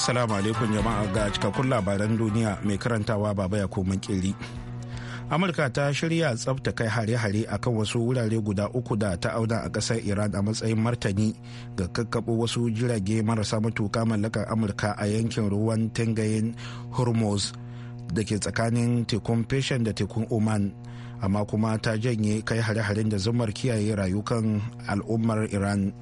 Assalamu alaikum jama'a ga cikakkun labaran duniya mai karantawa baba ya koma kiri. Amurka ta shirya tsabta kai hare-hare akan wasu wurare guda uku da ta auna a ƙasar Iran a matsayin martani ga kakkaɓo wasu jirage marasa matuka mallakar Amurka a yankin ruwan tangayin Hormuz da ke tsakanin tekun Persian da tekun Oman. amma kuma ta janye kai hare-haren da zumar kiyaye rayukan al'ummar Iran.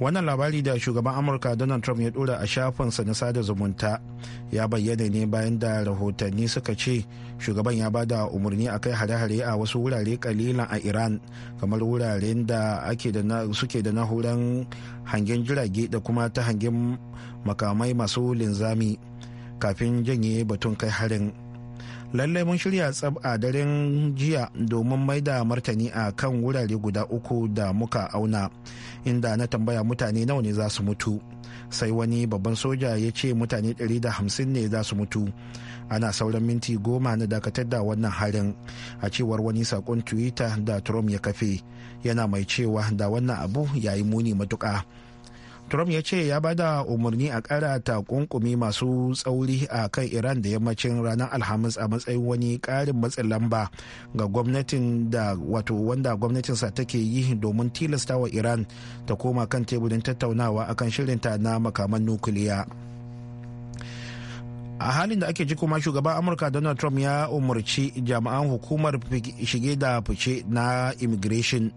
wannan labari da shugaban amurka donald trump ya dora a shafin shafinsa na sada zumunta ya bayyana ne bayan da rahotanni suka ce shugaban ya bada umarni a kai hare-hare a wasu wurare kalilan a iran kamar wuraren da suke da na'urar hangen jirage da kuma ta hangen makamai masu linzami kafin janye batun kai harin lallai mun shirya tsab a daren jiya domin mai da martani a kan wurare guda uku da muka auna inda na tambaya mutane nawa ne za su mutu sai wani babban soja ya ce mutane 150 ne za su mutu ana sauran minti goma na dakatar da wannan harin a cewar wani saƙon twitter da trump ya kafe yana mai cewa da wannan abu yayi muni matuka. trump ya ce ya ba da umarni a kara takunkumi masu tsauri a kan iran da yammacin ranar alhamis a matsayin wani karin matsin lamba ga gwamnatin da wato wanda gwamnatin sa take yi domin tilasta wa iran ta koma kan teburin tattaunawa akan shirinta na makaman nukiliya. a halin da ake ji kuma shugaban amurka donald trump ya umarci jami'an hukumar shige da fice na immigration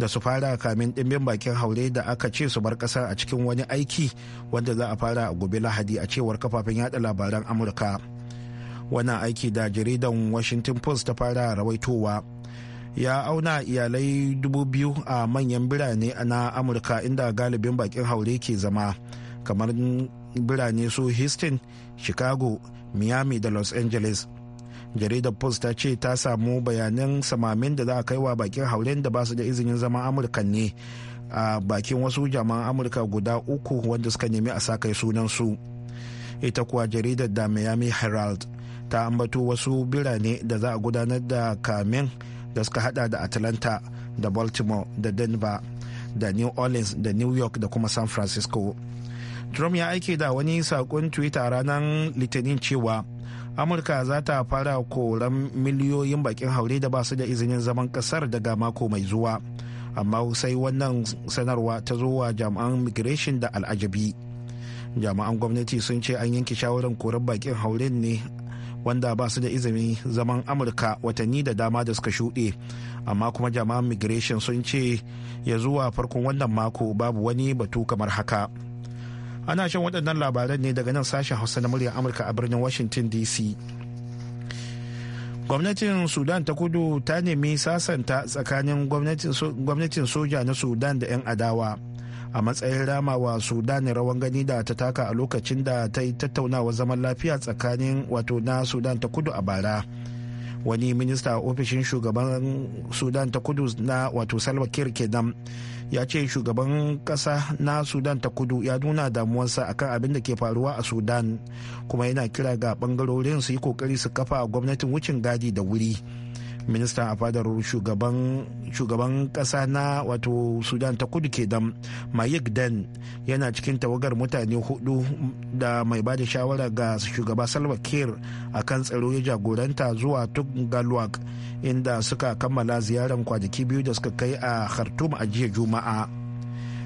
da su fara kamin dimbin bakin haure da aka ce su bar kasar a cikin wani aiki wanda za a fara a gobe lahadi a cewar kafafen yada labaran amurka wannan aiki da jaridan washington post ta fara rawaitowa ya auna iyalai dubu biyu a manyan birane na amurka inda galibin bakin haure ke zama kamar birane su houston chicago miami da los angeles jaridar post ta ce ta samu bayanan samamin da za a kai wa bakin haulen da ba su da izinin zama amurka ne a bakin wasu jama'an amurka guda uku wanda suka nemi a sakai sunan su ita kuwa jaridar da miami herald ta ambato wasu birane da za a gudanar da kamin da suka hada da atlanta da baltimore da denver da new orleans da new york da kuma san francisco trump ya aike da wani sakon twitter ranar litinin cewa amurka za ta fara koran miliyoyin bakin haure da ba su da izinin zaman kasar daga mako mai zuwa amma sai wannan sanarwa ta zo wa jami'an migration da al'ajabi jami'an gwamnati sun ce an yanke shawarar koran bakin haure ne wanda ba su da izinin zaman amurka watanni da dama da suka shuɗe amma kuma jama'an migration sun ce ya zuwa farkon wannan mako babu wani batu kamar haka. ana shan waɗannan labaran ne daga nan sashen hausa na muryar amurka a birnin washington dc gwamnatin sudan ta kudu ta nemi sasanta tsakanin gwamnatin soja na sudan da 'yan adawa a matsayin ramawa sudan rawan gani da ta taka a lokacin da ta yi tattaunawa zaman lafiya tsakanin wato na sudan ta kudu a bara. wani minista a ofishin shugaban sudan ta kudu na wato salwa kiir kenan ya ce shugaban kasa na sudan ta kudu ya nuna damuwarsa akan abin da ke faruwa a sudan kuma yana kira ga bangarorin su yi kokari su kafa gwamnatin wucin gadi da wuri ministan a fadar shugaban kasa na wato sudan ta kudu ke kenan mayik dan yana cikin tawagar mutane hudu da mai bada shawara ga shugaba salwa kir a kan tsaro ya jagoranta zuwa tugalwak inda suka kammala ziyarar kwanaki biyu da suka kai a khartoum a jiya juma'a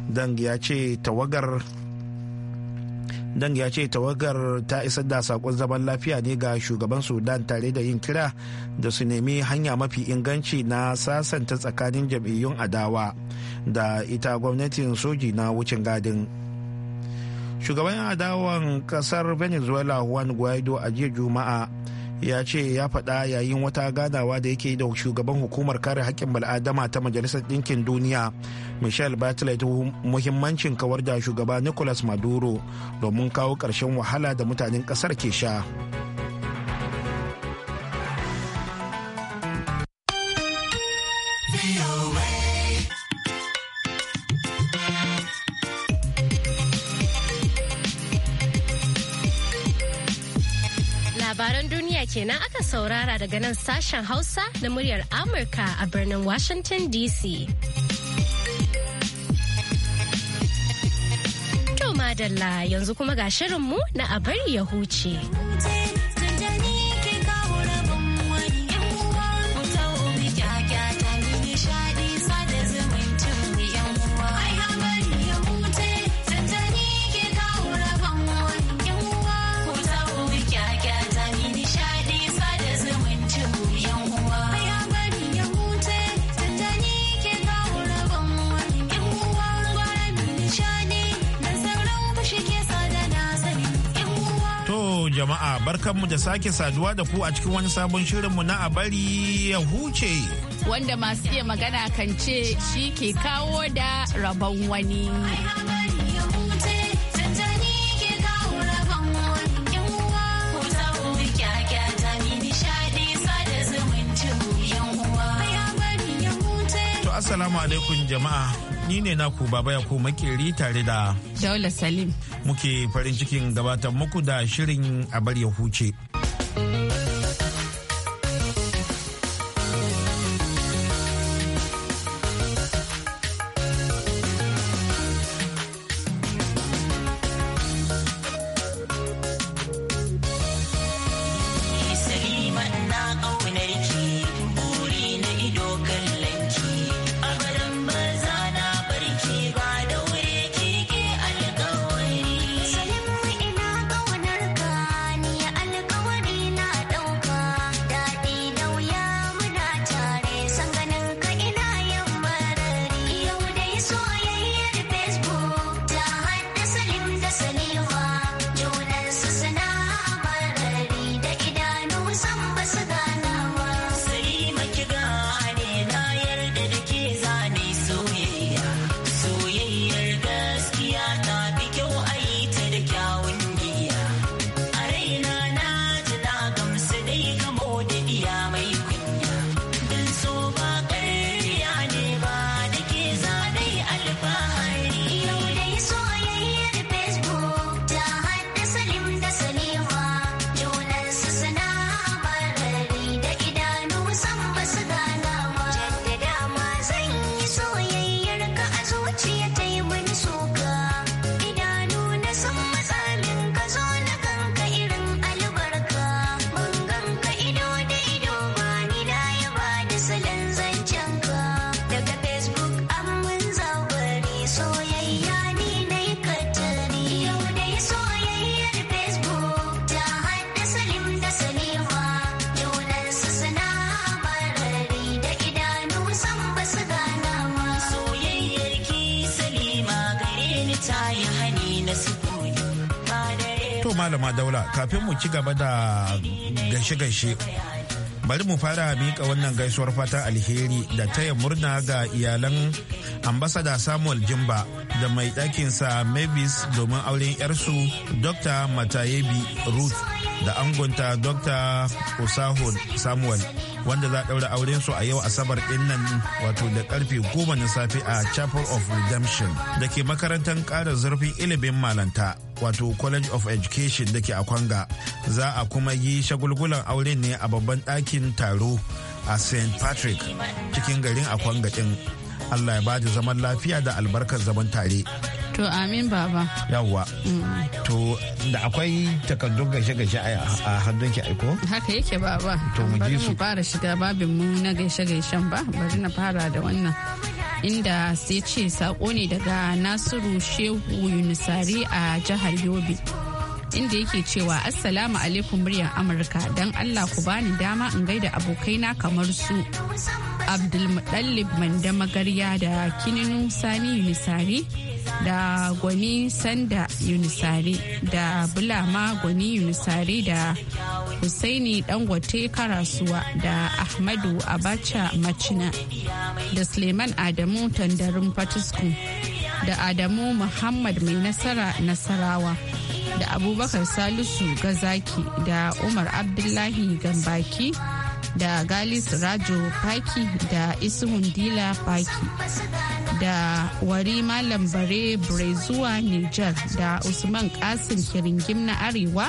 dang ya ce tawagar dang ya ce tawagar ta isar da sakon zaman lafiya ne ga shugaban sudan tare da yin kira da su nemi hanya mafi inganci na sasanta tsakanin jam'iyyun adawa da ita gwamnatin soji na wucin gadin shugaban adawan kasar venezuela juan guaido a jiya juma'a ya ce ya faɗa yayin wata ganawa da yake da shugaban hukumar kare haƙƙin bal'adama ta majalisar ɗinkin duniya michelle bartlett muhimmancin kawar da shugaba nicolas maduro domin kawo ƙarshen wahala da mutanen ƙasar ke sha. aka saurara daga nan sashen Hausa na muryar Amurka a birnin Washington DC. To madalla yanzu kuma ga shirinmu na a bari ya huce. barkanmu da sake saduwa da ku a cikin wani sabon shirinmu na a bari ya huce. Wanda masu iya magana kan ce shi ke kawo da rabon wani. Assalamu alaikum jama'a, ni ne naku baba ya ko makeri tare da Daula Salim. muke farin cikin gabatar muku da shirin a bar ya huce. kafin mu ci gaba da gaishe-gaishe bari mu fara miƙa wannan gaisuwar fata alheri da taya murna ga iyalan ambasada samuel jimba da mai ɗakinsa mavis domin auren 'yarsu dr matayebi ruth da angonta dr Usahu samuel wanda za daura auren su a yau asabar din nan wato da karfe goma na safe a chapel of redemption da ke makarantar ƙara zurfin ilimin malanta wato college of education da ke a kwanga za a kuma yi shagulgulan auren ne a babban ɗakin taro a st patrick cikin garin akwanga din Allah ya ba da zaman lafiya da albarkar zaman tare. To amin baba. Yawwa. Mm. To da akwai takardun gaishe-gaishe a hannun ki aiko? Haka yake baba. To mu ji su. fara shiga babin mu na gaishe-gaishen ba bari na fara da wannan. Inda sai ce sako ne daga Nasiru Shehu Yunusari a jihar Yobe. inda yake cewa assalamu alaikum muryar amurka don allah ku bani dama in gaida abokaina kamar su abdulmuɗallib magarya da kininu sani misari da gwani sanda yunisare da bulama gwani yunisare da Hussaini dangote karasuwa da ahmadu abacha macina da suleiman adamu tandarin fatisku da adamu muhammad mai nasara nasarawa da abubakar salisu gazaki da umar abdullahi gambaki da galis rajo paki da isuhun dila paki da wari malam bare brezuwa niger da usman kasim kiringim na arewa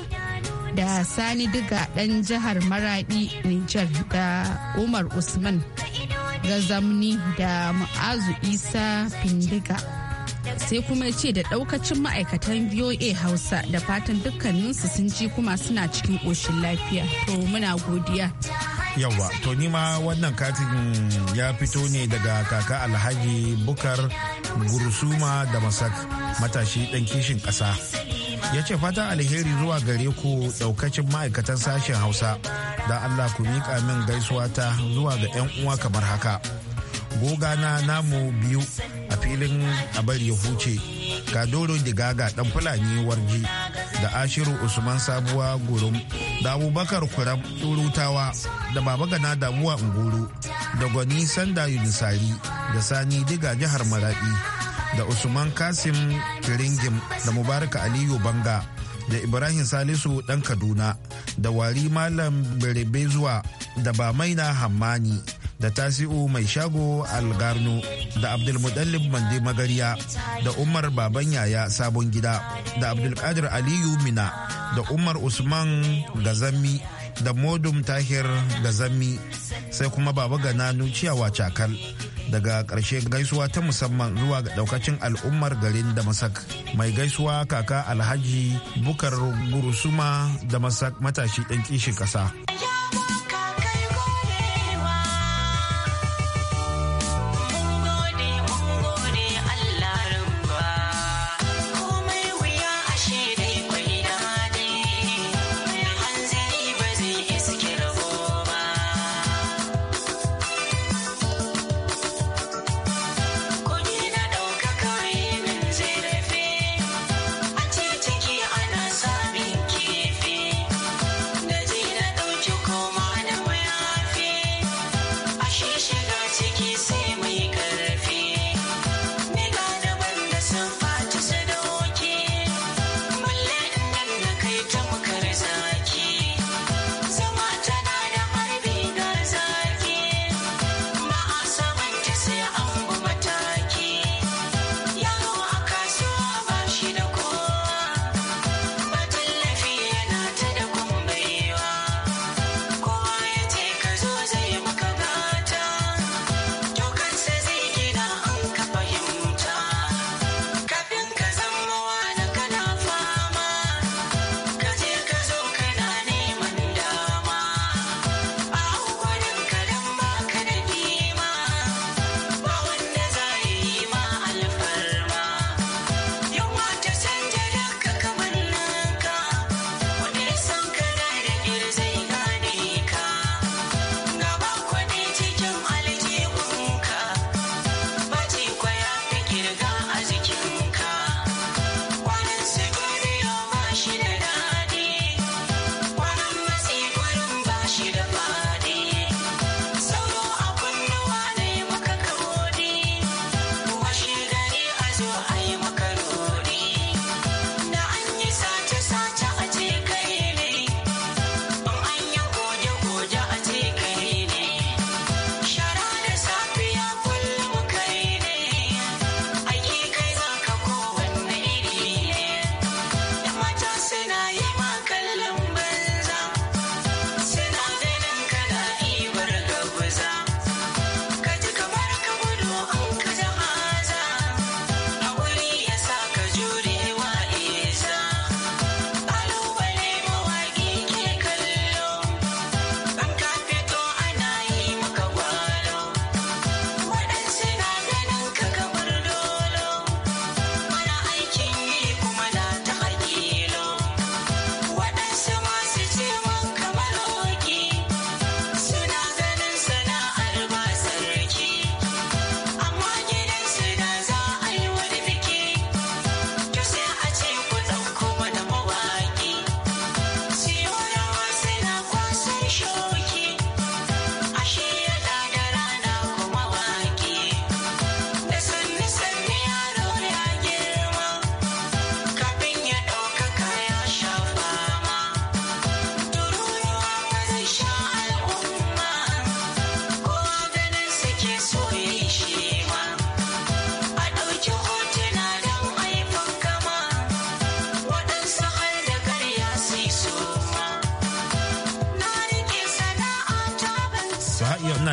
da sani diga dan jihar maradi niger da umar usman gazamni da ma'azu isa findiga sai kuma ce da daukacin ma'aikatan voa hausa da fatan dukkaninsu sun ji kuma suna cikin koshin lafiya to muna godiya yawa to ni ma wannan katin ya fito ne daga kaka alhaji bukar gursuma da masak matashi dan kishin kasa. ya ce fata alheri zuwa gare ku daukacin ma'aikatan sashen hausa da allah ku miƙa min gaisuwa ta zuwa ga 'yan uwa kamar haka goga na namu biyu a filin abar ya huce ga doro digaga dan fulani warji da ashiru usman sabuwa gurum da abubakar kuram turutawa da baba gana damuwa unguru da gwani sanda yunisari da sani diga jihar maradi da usman kasim kiringim da mubaraka aliyu banga da ibrahim salisu dan kaduna da wari malam birebe zuwa da ba bamaina hammani da tasi'u mai shago algarno da abdulmuɗallib mande magariya da umar baban yaya sabon gida da abdulkadir aliyu mina da umar usman gazami da modum tahir gazami sai kuma baba gananu ciyawa cakal daga ƙarshe gaisuwa ta musamman zuwa ga daukacin al'ummar garin da masak mai gaisuwa kaka alhaji bukar gurusuma masak matashi ɗan kishin ƙasa.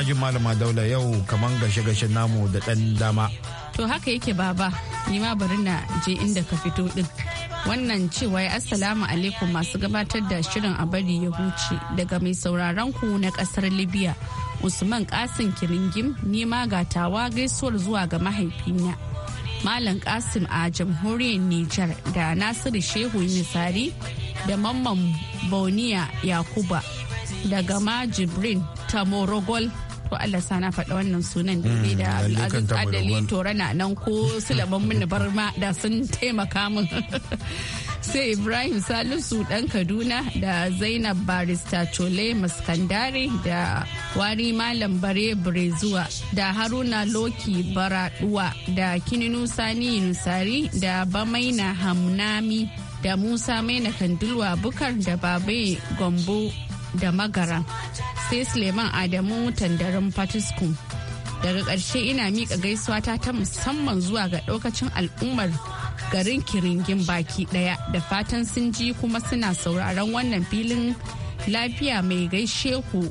ina jin malama daula yau kaman gashe-gashe namu da ɗan dama. To haka yake baba, ni ma bari na je inda ka fito ɗin. Wannan cewa ya assalamu alaikum masu gabatar da shirin a bari ya huce daga mai sauraron ku na ƙasar Libya. Usman Kasim Kiringim ni ma gatawa gaisuwar zuwa ga mahaifina. Malam Kasim a jamhuriyar Nijar da Nasiru Shehu Nisari da Mamman Boniya Yakuba daga ma Jibrin Tamorogol ko Allah sa na faɗa wannan sunan daidai da Abdulaziz hmm, Adali Torana nan ko Sulaiman Mini ma da sun taimaka min. Sai Ibrahim Salisu dan Kaduna da Zainab Barista Chole Maskandare da Wari Malam Bare zuwa da Haruna Loki Baraduwa da Kininu Sani Nusari da Bamaina Hamnami da Musa Maina Kandulwa Bukar da Babe Gombo da magara sai Suleiman Adamu tandarin Patiskum. Daga ƙarshe ina miƙa gaisuwa ta musamman zuwa ga ɗaukacin al'ummar garin Kiringin baki ɗaya da fatan sun ji kuma suna sauraron wannan filin lafiya mai gaishe ku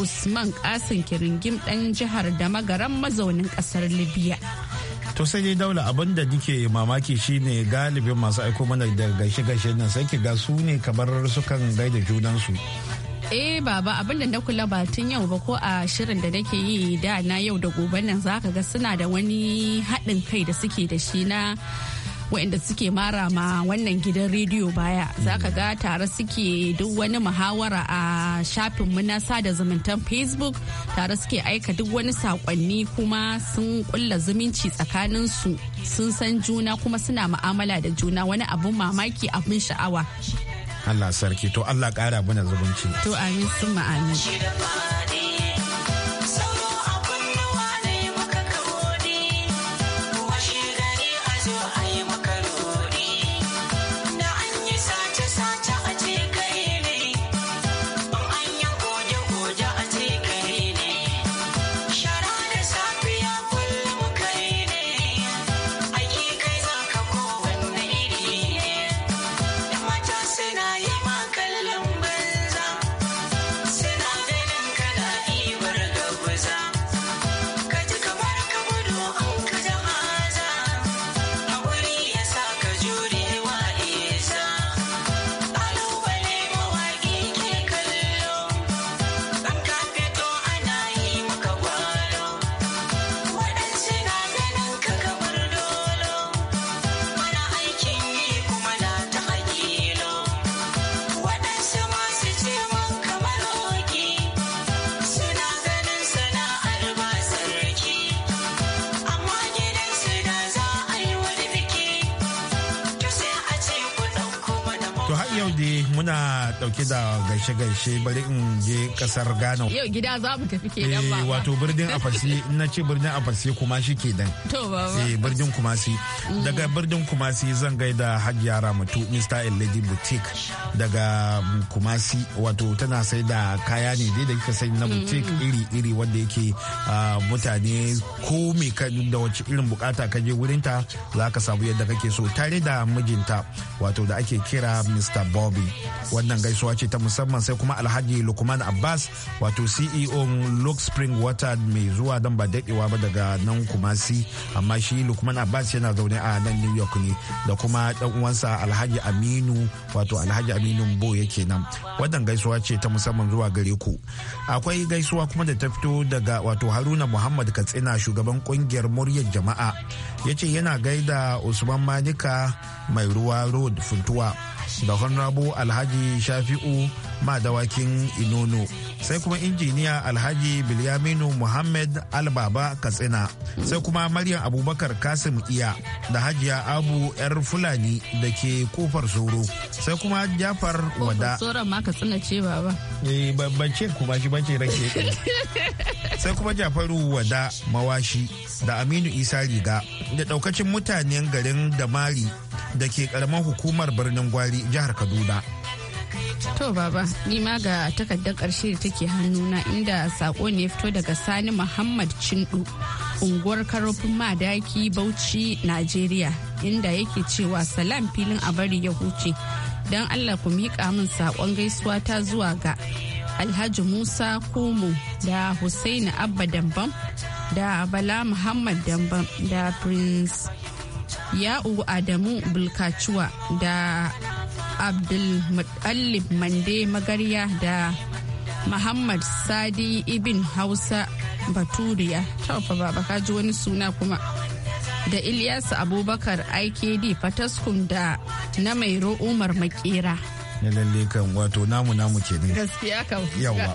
Usman ƙasin kiringin ɗan jihar da magaran mazaunin ƙasar Libya. to sai dai daula abin da nike mamaki shine galibin masu aiko mana da gaishe-gaishe nan sai ga su ne kamar sukan gaida junansu Eh baba abinda na kula ba tun yau ba ko a shirin da nake yi da na yau da gobe nan zaka ga suna da wani haɗin kai da suke da shi na wa'inda suke mara ma wannan gidan rediyo baya zaka ga tare suke duk wani muhawara a shafin mu na sada zumuntan facebook tare suke aika duk wani sakonni kuma sun kulla zumunci tsakanin su sun san juna kuma suna ma'amala da juna wani abun mamaki abin sha'awa Allah sarki to Allah ƙara mana zubunci To amin sun amin. dauke da gaishe-gaishe bari in je kasar Ghana. Yau gida za mu tafi ke dan eh, ba. Wato birnin Afasi na ce birnin Afasi kuma shi ke dan. To baba. Eh birnin Kumasi. Daga birnin Kumasi zan gaida Hajiya Ramatu Mr. lady Boutique daga kumasi wato tana sai da kaya ne dai da kika sai na mm-hmm. butik iri-iri wanda yake ah, mutane ko me da wace irin bukata ka je wurinta za ka samu yadda kake so tare da mijinta wato da ake kira mr bobby wannan gaisuwa ce ta musamman sai kuma alhaji lukman abbas wato ceo lux spring water mai zuwa don ba daɗewa ba daga nan kumasi amma shi lukman abbas yana zaune a nan new york ne da kuma dan uwansa alhaji aminu wato alhaji Aminu Bo yake nan. Wannan gaisuwa ce ta musamman zuwa gare ku. Akwai gaisuwa kuma da ta fito daga wato Haruna Muhammad Katsina shugaban kungiyar muryar jama'a. ya ce yana gaida Usman Manika mai ruwa road funtuwa. da honorable alhaji shafi'u madawakin inono sai kuma injiniya alhaji bilyaminu muhammad albaba katsina sai kuma maryam abubakar kasim iya da hajiya abu yar fulani da ke kofar tsoro sai kuma jafar wada sai kuma jafaru wada mawashi da aminu isa riga da ɗaukacin mutanen garin damari da ke karamar hukumar birnin gwari jihar kaduna To baba, ni ma ga takardar ƙarshe da take hannu na inda sako ne fito daga Sani Muhammad cindu unguwar karofin madaki Bauchi, Najeriya, inda yake cewa salam filin a bari ya huce. Don Allah ku miƙa min sakon gaisuwa ta zuwa ga Alhaji Musa Kumu da Hussaini Abba Dambam da Bala Muhammad Dambam da Prince ya'u adamu bulkacuwa da abdulmutallib mande magarya da muhammad sadi ibn hausa baturiya taufa baba kaji wani suna kuma da ilyasu abubakar ikd fataskum da na mairo umar makera na lalle kan wato namu namu ke ne gaskiya kan yawa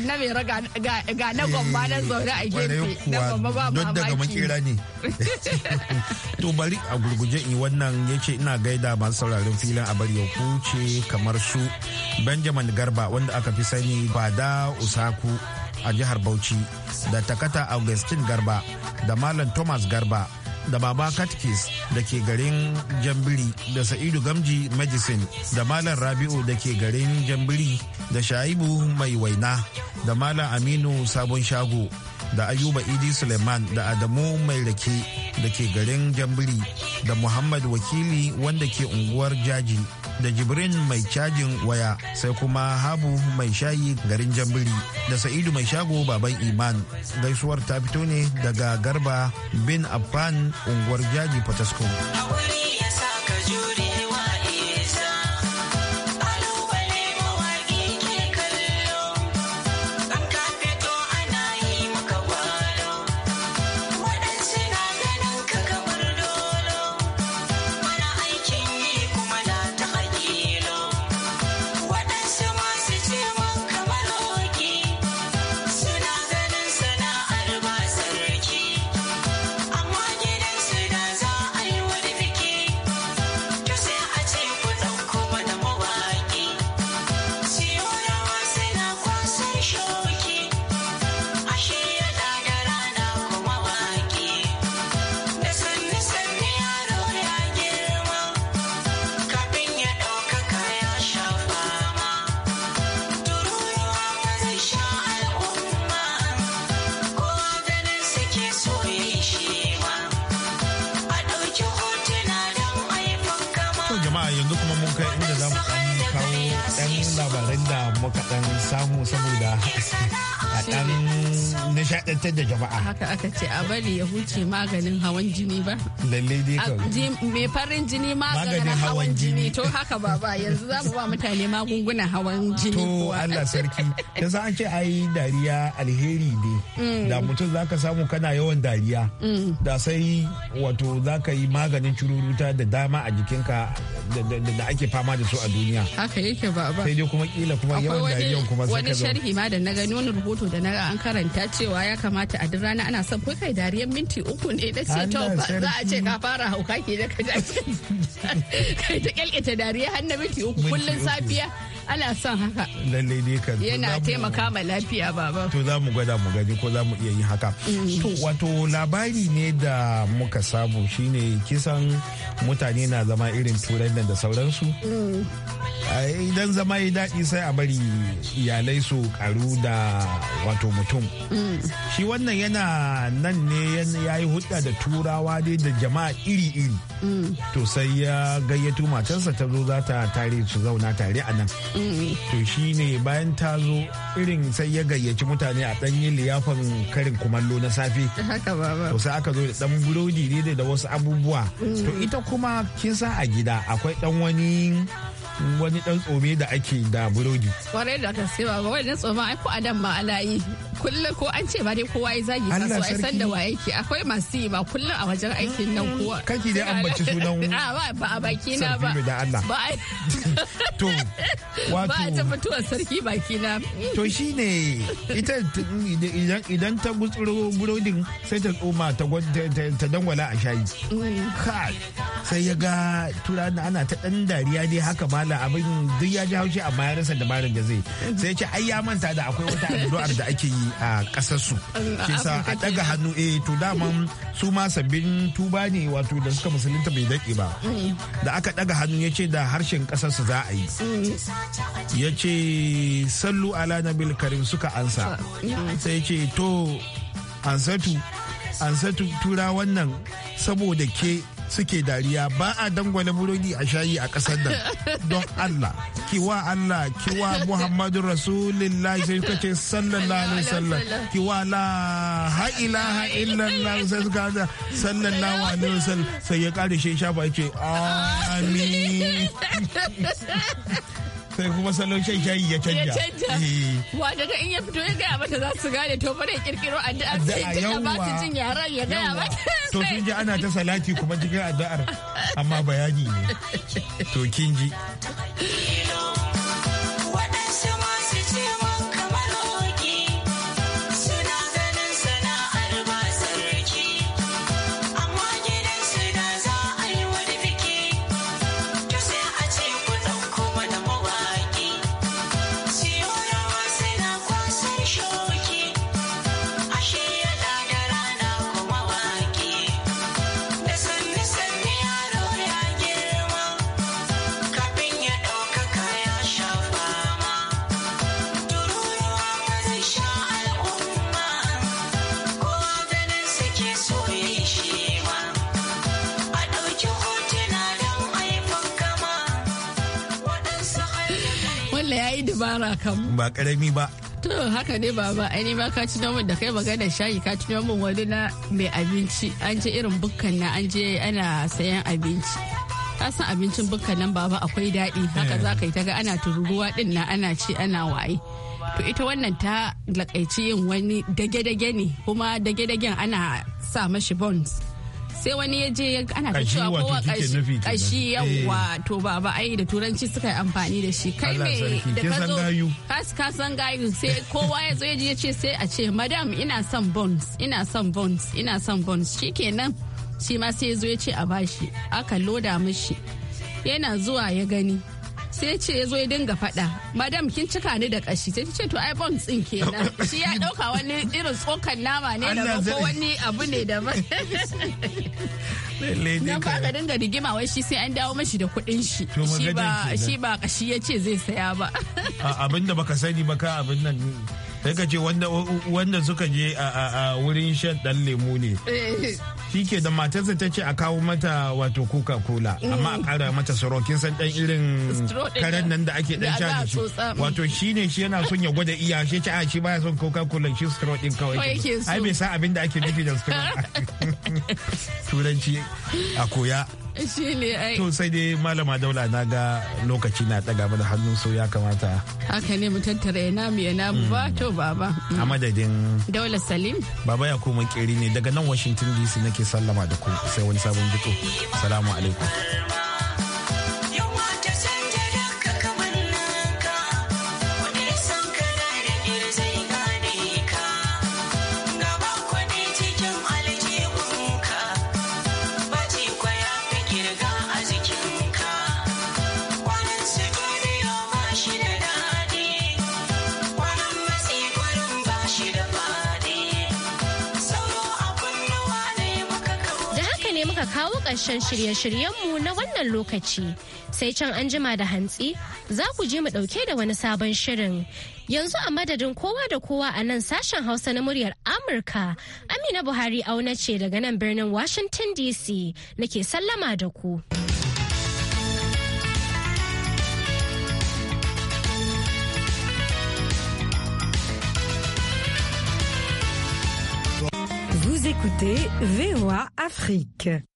na mai raga ga na gwamba na zaune a gefe na gwamba ba don daga makera ne to bari a gurguje in wannan yace ina gaida masu sauraron filin a bari ya kuce kamar su Benjamin Garba wanda aka fi sani Bada Usaku a jihar Bauchi da Takata Augustine Garba da Malam Thomas Garba da baba katkis da ke garin jambiri da sa'idu gamji medicine da malam rabi'u da ke garin jambiri da shaibu mai waina da malam aminu sabon shago da ayuba idi suleiman da adamu mai rake da ke garin jambiri da muhammad wakili wanda ke unguwar jaji da jibrin mai cajin waya sai kuma habu mai shayi garin jambiri da sa'idu mai shago baban iman gaisuwar ta fito ne daga garba bin affan unguwar jaji potasco. muka dan samu saboda a dan nishadantar da jama'a haka aka ce a bari ya huce maganin hawan jini ba lalle dai ka mai farin jini maganin hawan jini to haka baba yanzu za mu ba mutane magungunan hawan jini to Allah sarki ta sa an ce yi dariya alheri ne mm. da mutum zaka samu kana yawan dariya mm. da sai wato za ka yi maganin cururuta da dama a jikinka da ake fama da su a duniya haka yake baba sai dai kuma kila kuma yawan dariyan kuma sai ka wani sharhi ma da na gani wani rubutu rahoto da na an karanta cewa ya kamata a duk rana ana son kai dariyar minti uku ne na ce to za a ce ka fara hauka ke da ka kai ta kyalkita dariya har na minti uku kullun safiya ana son haka lalle ne ka. yana taimaka ma lafiya baba to za mu gwada mu gani ko za mu iya yin haka mm. to wato labari ne da muka samu shine kisan mutane na zama irin turai da sauransu mm. idan zama ya daɗi sai a bari iyalai su karu da wato mutum mm. shi wannan yana nan ne ya yi hudda da turawa dai da jama'a iri-iri to sai ya gayyato matarsa ta zo za ta tare su zauna tare a nan to shi ne bayan ta zo irin sai ya gayyaci mutane a ɗanyi liyafan karin kumallo na safe to sai aka zo da ɗan burodi ne da wasu abubuwa mm. to ita kuma kin san a gida akwai ɗan wani wani dan tsome da ake da burodi. Kwarai da gaske ba wai wani tsoma ai ko adam ba ala yi. Kullum ko an ce ba dai kowa ya zagi sa so ai san da wa yake akwai masu yi ba kullum a wajen aikin nan kowa. Kanki dai bace sunan a ba a baki na ba. da Allah. Ba to ba ta mutuwar sarki baki na. To shine ita idan idan ta gutsuro burodin sai ta tsoma ta dangwala a shayi. Mm. Ka. sai ya ga tura ana ta dan dariya dai haka mala abin duk ya ji haushi amma ya rasa dabarin da zai sai ya ce ai ya manta da akwai wata addu'ar da ake yi a kasar su ke sa a daga hannu eh to dama su ma sabbin tuba ne wato da suka musulunta bai dake ba mm. da aka daga hannu ya ce da harshen kasar su za a yi mm. ya ce sallu ala nabil karim suka ansa mm. sai ya ce to ansatu ansatu tura wannan saboda ke suke dariya ba a dangwale burodi a shayi a ƙasar nan don Allah kiwa Allah kiwa Muhammadu Rasulullahi sai suka ce sallallahu alaihi wasallam kiwa la ha ilaha illallah sai suka ce sallallahu alaihi wasallam sai ya kare shi shafa ce amin sai kuma salon shan shayi ya canja. Ya canja. ta eh. in ya fito ya gaya mata za su gane to bane kirkiro addu'a sai tun ba ta jin yaran ya gaya mata. To kin ji ana ta salati kuma cikin addu'ar amma bayani ne. To kin ji. ya yi dabara kam. Ba karami ba. To haka ne baba aini ba ka tuno min da kai magana shayi ka tuno min wani na mai abinci an je irin bukkan na an je ana sayan abinci. Ka san abincin bukkan nan baba akwai daɗi haka eh. za ka yi ta ga ana tururuwa din na ana ci ana waye. to ita wannan ta lakaici yin wani dage-dage ne kuma dage-dagen ana sa mashi bonds sai wani ya je ana ta cewa kowa kashi eh. yawwa to ba ba ai da turanci suka yi amfani da shi kai me da ka zo ka san gayu sai kowa ya zo ya je ce sai a ce madam ina son bonds ina son bonds ina son bonds shikenan shi ma sai ya zo ya ce a bashi aka loda mashi yana zuwa ya gani sai ce ya zo ya dinga faɗa madam kin cika ni da kashi sai ce to ai bon tsin kenan shi ya dauka wani irin tsokan nama ne da ko wani abu ne da ba na ba ka dinga rigima wai shi sai an dawo mashi da kuɗin shi shi ba kashi ya ce zai saya ba abinda baka sani ba ka abin nan sai ka ce wanda suka je a wurin shan dan lemu ne eh. shi ke da matarsa ta ce a kawo mata wato kuka kula amma a kara mm. mata soro san dan irin karen nan da ake dan shan shi wato shi ne shi yana son ya gwada iya shi ce a shi baya son kuka cola shi kawai ai bai sa abin da ake nufi da soro turanci a koya To sai dai malama daula na ga lokaci na daga mana hannu so ya kamata. Haka ne mu tattara ina mu ina mu ba mm. to baba. Mm. A madadin. Daula Salim. Baba ya kuma keri ne daga nan Washington DC nake sallama da ku sai wani sabon biko. Salamu alaikum. ƙarshen shirye mu na wannan lokaci. Sai can an jima da hantsi za ku je mu ɗauke da wani sabon shirin. Yanzu a madadin kowa da kowa a nan sashen Hausa na muryar Amurka, Amina Buhari auna ce daga nan birnin Washington DC nake sallama da ku. écoutez VOA Afrique.